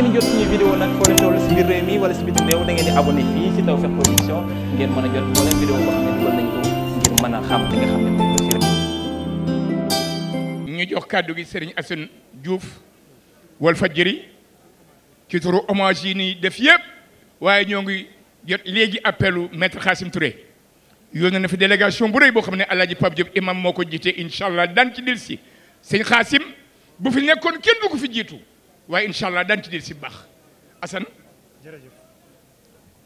ngeen jot a jot moo ñu jox kàddu gi Serigne Assane Diouf Walfadjri ci turu hommage yi nii def yëpp waaye ñoo ngi jot léegi appelu maître Khassim Touré yónnee na fi délégation bu rëy boo xam ne El Hadj Pape Diop imam moo ko jiite incha allah ci dil si sëñ Khassim bu fi nekkoon kenn du fi jiitu. waaye incha allah daan ci del si baax Assane jërëjëf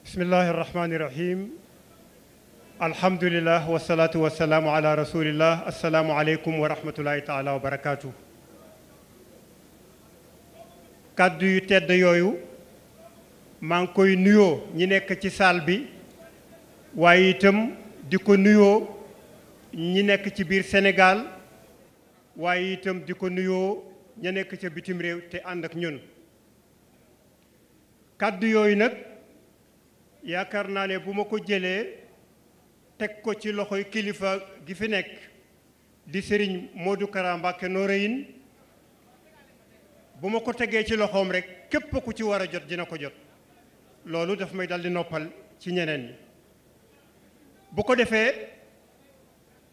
bismillahi rahmani rahim alhamdulilah wasalaatu wasalaamu ala rasulillah asalaamualeykum wa rahmatullahi taala wa barakaatu. kàddu yu tedd yooyu maa ngi koy nuyoo ñi nekk ci saal bi waaye itam di ko nuyoo ñi nekk ci biir senegaal waaye itam di ko nuyoo ña nekk ca bitim réew te ànd ak ñun kàddu yooyu nag yaakaar naa ne bu ma ko jëlee teg ko ci loxoy kilifa gi fi nekk di sëriñ Modou Kara Mbacké Noreyni bu ma ko tegee ci loxoom rek képp ku ci war a jot dina ko jot loolu daf may dal di noppal ci ñeneen ñi bu ko defee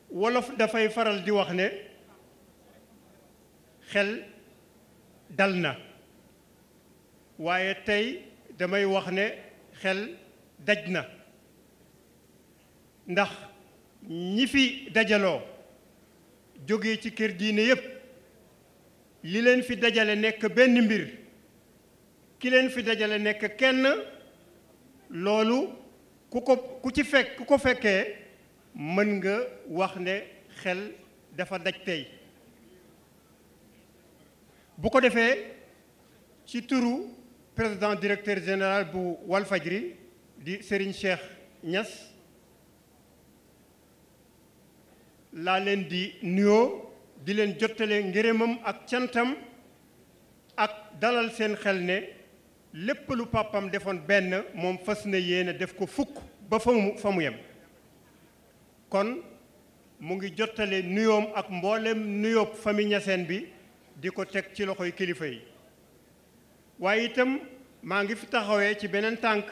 wolof dafay faral di wax ne xel dal na waaye tey damay wax ne xel daj na ndax ñi fi dajaloo jóge ci kër diine yépp li leen fi dajale nekk benn mbir ki leen fi dajale nekk kenn loolu ku ko ku ci fekk ku ko fekkee mën nga wax ne xel dafa daj tey bu ko defee ci turu président directeur général bu Walfajri di Serigne Cheikh ñas laa leen di nuyoo di leen jottale ngërëmam ak cantam ak dalal seen xel ne lépp lu pàppam defoon benn moom fas na yéene def ko fukk ba fa mu fa mu yem kon mu ngi jottale nuyoom ak mboolem nuyoo famille Niassène bi di ko teg ci loxoy kilifa yi waaye itam maa ngi fi taxawee ci beneen tànk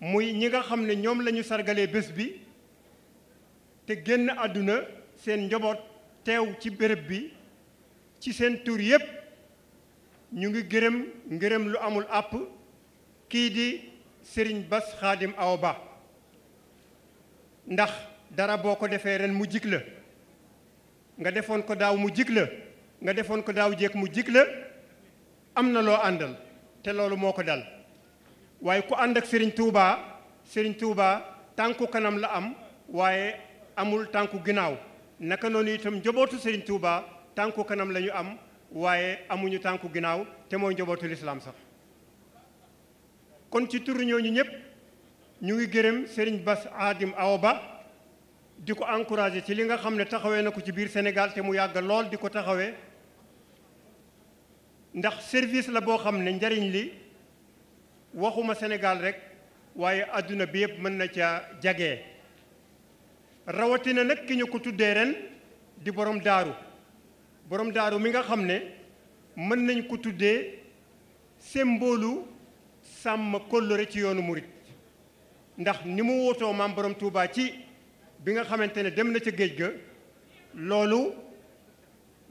muy ñi nga xam ne ñoom lañu sargale bés bi te génn àdduna seen njaboot teew ci bërëb bi ci seen tur yépp ñu ngi gërëm ngërëm lu amul àpp kii di sëriñ Bass Khadim Awa Ba ndax dara boo ko defee ren mu jig la nga defoon ko daaw mu jig la nga defoon ko daaw jékk mu jig la am na loo àndal te loolu moo ko dal waaye ku ànd ak Serigne Touba Serigne Touba tànku kanam la am waaye amul tànku ginnaaw naka noonu itam njobootu Serigne Touba tànku kanam la am waaye amuñu tànku ginnaaw te mooy njobootu lislaam sax kon ci turu ñooñu ñëpp ñu ngi gërëm Serigne Bass Adim Awa Ba di ko encouragé ci li nga xam ne taxawee na ko ci biir Sénégal te mu yàgg lool di ko taxawee ndax service la boo xam ne njariñ li waxuma Sénégal rek waaye àdduna bi yëpp mën na ca jage rawatina nag ki ñu ko tuddee ren di borom daaru borom daaru mi nga xam ne mën nañ ko tuddee semboolu sàmm kóllëre ci yoonu murit ndax ni mu wootoo maam borom Touba ci bi nga xamante ne dem na ca géej ga loolu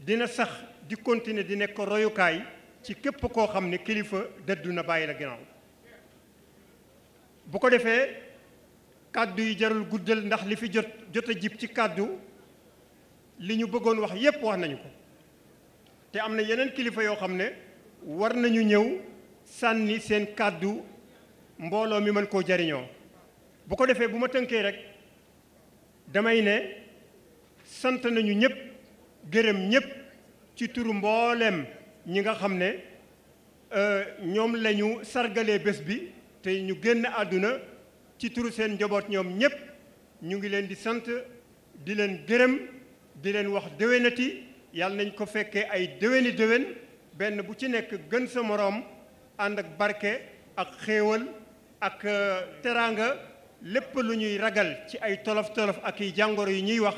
dina sax di continuer di nekk royukaay ci képp koo xam ne kilifa dëddu na bàyyi la ginnaaw bu ko defee kàddu yi jarul guddal ndax li fi jot jot a jib ci kàddu li ñu bëggoon wax yépp wax nañu ko te am na yeneen kilifa yoo xam ne war nañu ñëw sànni seen kàddu mbooloo mi mën koo jariñoo bu ko defee bu ma tënkee rek damay ne sant nañu ñëpp gërëm ñépp ci turu mbooleem ñi nga xam ne euh, ñoom lañu sargalee bés bi te ñu génn àdduna ci turu seen njaboot ñoom ñépp ñu ngi leen di sant di leen gërëm di leen wax déwénati yàlla nañ ko fekkee ay déwéni déwén benn bu ci nekk gën sa moroom ànd ak barke ak xéewal ak euh, teraanga lépp lu ñuy ragal ci ay tolof tolof ak i jàngoro yi ñuy wax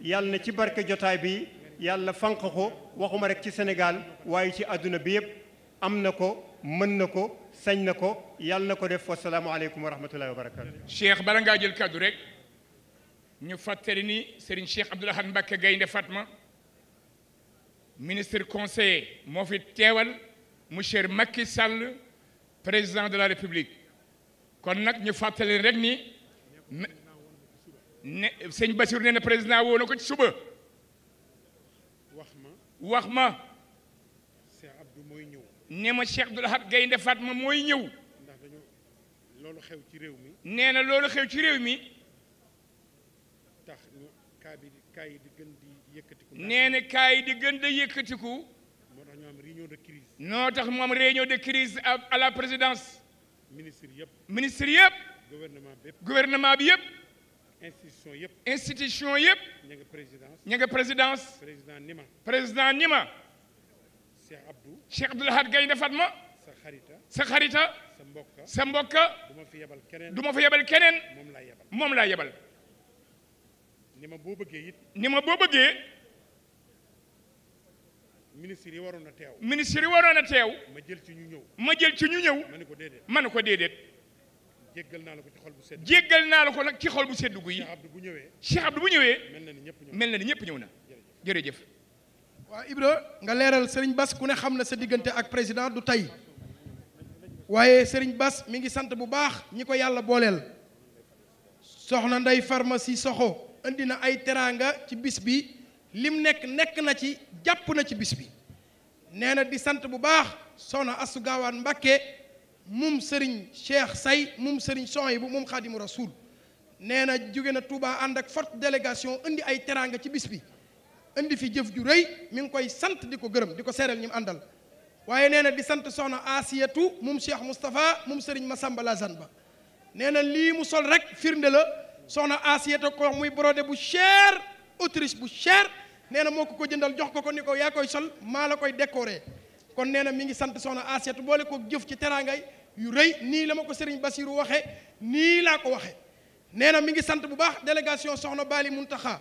yàlla na ci barke jotaay bii yàlla fànq ko waxuma rek ci Sénégal waaye ci àdduna bi yëpp am na ko mën na ko sañ na ko yàlla na ko def wasalaamualeykum wa rahmatullahi wa barakatu Cheikh bala ngaa jël kàddu rek ñu fàttali ni Serigne Cheikh Abdoul Ahad Mbacké Gaynde Fatma ministre conseiller moo fi teewal monsieur Macky sàll président de la République kon nag ñu fàttali rek ni ne sëñ Bassirou nee président woo ko ci suba wax ma Cheikh Abdou ñëw ne ma Cheikh Abdou Lahad Gaynde ma mooy ñëw ndax loolu xew ci réew mi nee na loolu xew ci réew mi tax kaa bi kaa yi di gën di yëkkatiku nee na yi di gën di yëkkatiku moo tax ñu am réunion de crise noo tax moom am réunion de crise à la présidence ministre yëpp ministre yëpp gouvernement bi yëpp gouvernement bi yëpp institution yëpp. institution yëpp. ña nga présidence. ña nga présidence. président Nima. président Nima. Cheikh Abdou. Cheikh Abdou Lahad Gaynde Fatma. sa xarita. sa xarita. sa mbokka. sa mbokka. du ma fi yebal keneen. du ma fi yebal keneen. moom laa yebal moom laa yebal. Nima boo bëggee it. Nima boo bëggee. ministre yi waroon na teew. ministre yi waroon na teew. ma jël ci ñu ñëw. ma jël ci ñu ñëw. ma ne ko déedéet. jéggal naa la ko ci xol naa la ko nag ci xol bu sedd guy. Cheikh Abdou bu ñëwee. Cheikh Abdou bu ñëwee. mel na ni ñëpp ñëw na mel na ni ñëpp na jërëjëf. waaw Ibra nga leeral sëriñ bas ku ne xam na sa diggante ak président du tey waaye sëriñ bas mi ngi sant bu baax ñi ko yàlla booleel soxna Ndey pharmacie soxo indi na ay teraanga ci bis bi lim nekk nekk na ci jàpp na ci bis bi nee na di sant bu baax soxna Astou gaawaat Mbacké. mum sëriñ Cheikh Say mum sëriñ Souhaïbou mum xaadimu rasul nee na jóge na Touba ànd ak forte délégation indi ay teraanga ci bis bi indi fi jëf ju rëy mi ngi koy sant di ko gërëm di ko seeral ñi mu àndal waaye nee na di sant soxna Asiyatu mum Cheikh Moustapha mum sëriñ Massamba Lazane ba nee na lii mu sol rek firnde la soxna Asiyatu ko muy brodé bu cher autrice bu cher nee na moo ko ko jëndal jox ko ko ni ko yaa koy sol maa la koy décorer kon nee na mi ngi sant soxna Asiyatu boole ko jëf ci teraangay yu rëy nii la ma ko sëriñ Basiiru waxee nii laa ko waxe nee na mi ngi sant bu baax délégation soxna Baali Muntaxa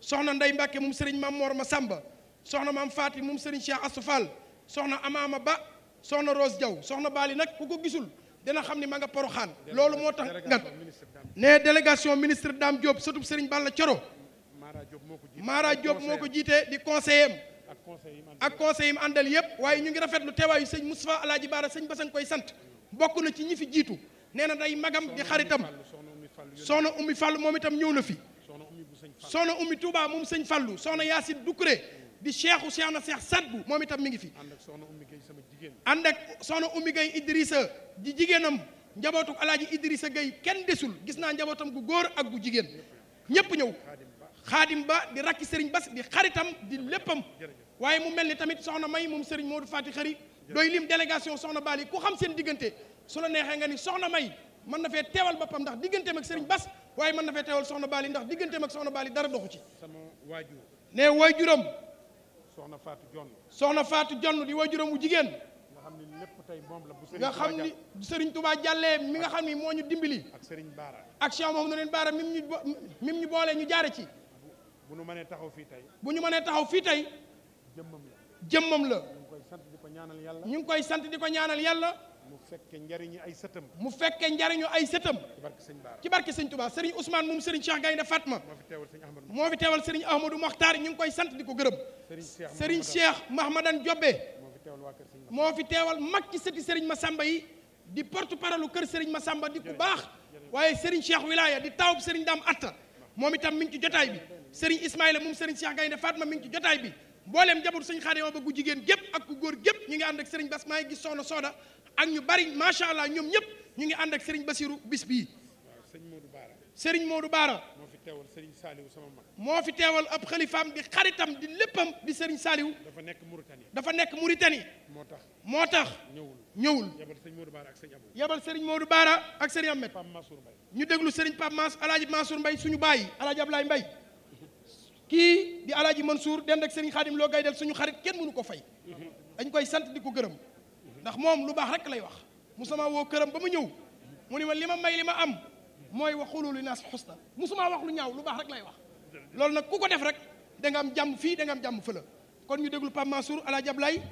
soxna Ndey Mbàkke moom sëriñ Maam Moor Masamba soxna mam Faati moom sëriñ Cheikh Astou Fall soxna Amaama Ba soxna Rose Diaw soxna yi nag ku ko gisul dana xam ni ma nga poroxaan loolu moo tax ngat ne délégation ministre Dame Diop sëtub sëriñ Balla Coro Mara Diop moo ko jiitee di conseiller ak conseil yi mu àndal yëpp waaye ñu ngi rafetlu teewaayu sëñ Moustapha Alaaji Baara sëñ Basan koy sant bokk na ci ñi fi jiitu nee na day magam di xaritam soxna Oumy Fallou moom itam ñëw na fi soxna Oumy Touba moom sëñ Fallou soxna Yacine Doucouré di cheikhu cheikh na cheikh Sadbu moom itam mi ngi fi ànd ak soxna Oumy Gueye Idrissa di jigéenam njabootu Alaaji Idrissa gay kenn desul gis naa njabootam gu góor ak gu jigéen ñépp ñëw xaadim ba di rakki sëriñ Bas di xaritam di léppam waaye mu mel ni tamit soxna May moom Serigne Modou Fati Xari doy lim délégation soxna Bali ku xam seen diggante su la neexee nga ni soxna May mën na fee teewal boppam ndax digganteem ak Serigne Bas waaye mën na fee teewal soxna Bali ndax digganteem ak soxna Bali dara doxu ci. sama waajur ne waajuram. soxna Fatou Jonn soxna Fatou Jonn di waajuram wu jigéen. nga xam ni sëriñ Touba Jàllee mi nga xam ni moo ñu dimbali. ak Serigne Baara ak Cheikh Mouhamadou Lamine Baara mim ñu bo mim ñu boolee ñu jaare ci. bu ñu mënee taxaw fii tey. bu ñu mënee taxaw fii tey. jëmmam la jëmmam la ñu ngi koy sant di ko ñaanal yàlla ñu ngi koy sant di ko ñaanal yàlla mu fekke njariñu ay sëtam mu fekke njariñu ay sëtam ci barke sëñ Touba sëriñ Ousmane moom sëriñ Cheikh Gaynde Fatma moo fi teewal sëriñ Ahmadou Mokhtar ñu ngi koy sant di ko gërëm sëriñ Cheikh Mahmadan Jobbe moo fi teewal mag ci sëti sëriñ Massamba yi di porte parole kër sëriñ Massamba di ku baax waaye sëriñ Cheikh Wilaya di tawub sëriñ Dame Atta moom itam mi ngi ci jotaay bi sëriñ Ismaïla moom sëriñ Cheikh Gaynde Fatma mi ngi ci jotaay bi mbooleem njaboot sëñ Xaadim ba gu jigéen gépp ak ku góor gépp ñu ngi ànd ak sëriñ Bas maa ngi gis soxna Soda ak ñu bari macha allah ñoom ñëpp ñu ngi ànd ak sëriñ Basiru bis bii sëriñ Modou Baara moo fi teewal sëriñ Saliou sama mag moo fi teewal ab xalifaam di xaritam di léppam di sëriñ Saliou dafa nekk Mauritanie dafa nekk Mauritanie moo tax moo tax ñëwul ñëwul yabal sëriñ Modou Baara ak sëriñ Abou yabal sëriñ Modou Baara ak sëriñ Ahmed Pape Mansour Mbaye ñu déglu sëriñ Pape Mansour alaaji Mansour Mbaye suñu bàyyi alaaji Ablaye mbay kii di alaaji Mansour dend ak Serigne loo Lo Gaydel suñu xarit kenn mënu ko fay dañ koy sant di ko gërëm ndax moom lu baax rek lay wax mu musuma woo këram ba mu ñëw mu ni ma li ma may li ma am mooy waxulu li naas xusna musuma wax lu ñaaw lu baax rek lay wax loolu nag ku ko def rek da nga am jàmm fii danga am jàmm fëla kon ñu déglu Pape Mansour alaaji Ablaye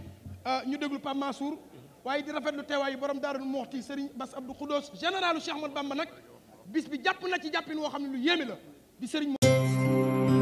euh, ñu déglu Pape suur waaye di rafetlu teewaayu borom Daarul Muxti Serigne Bass Abdou Khoudoss généralu Cheikh Ahmadou Bamba nag bis bi jàpp na ci jàppin woo xam ne lu yéeme la di Serigne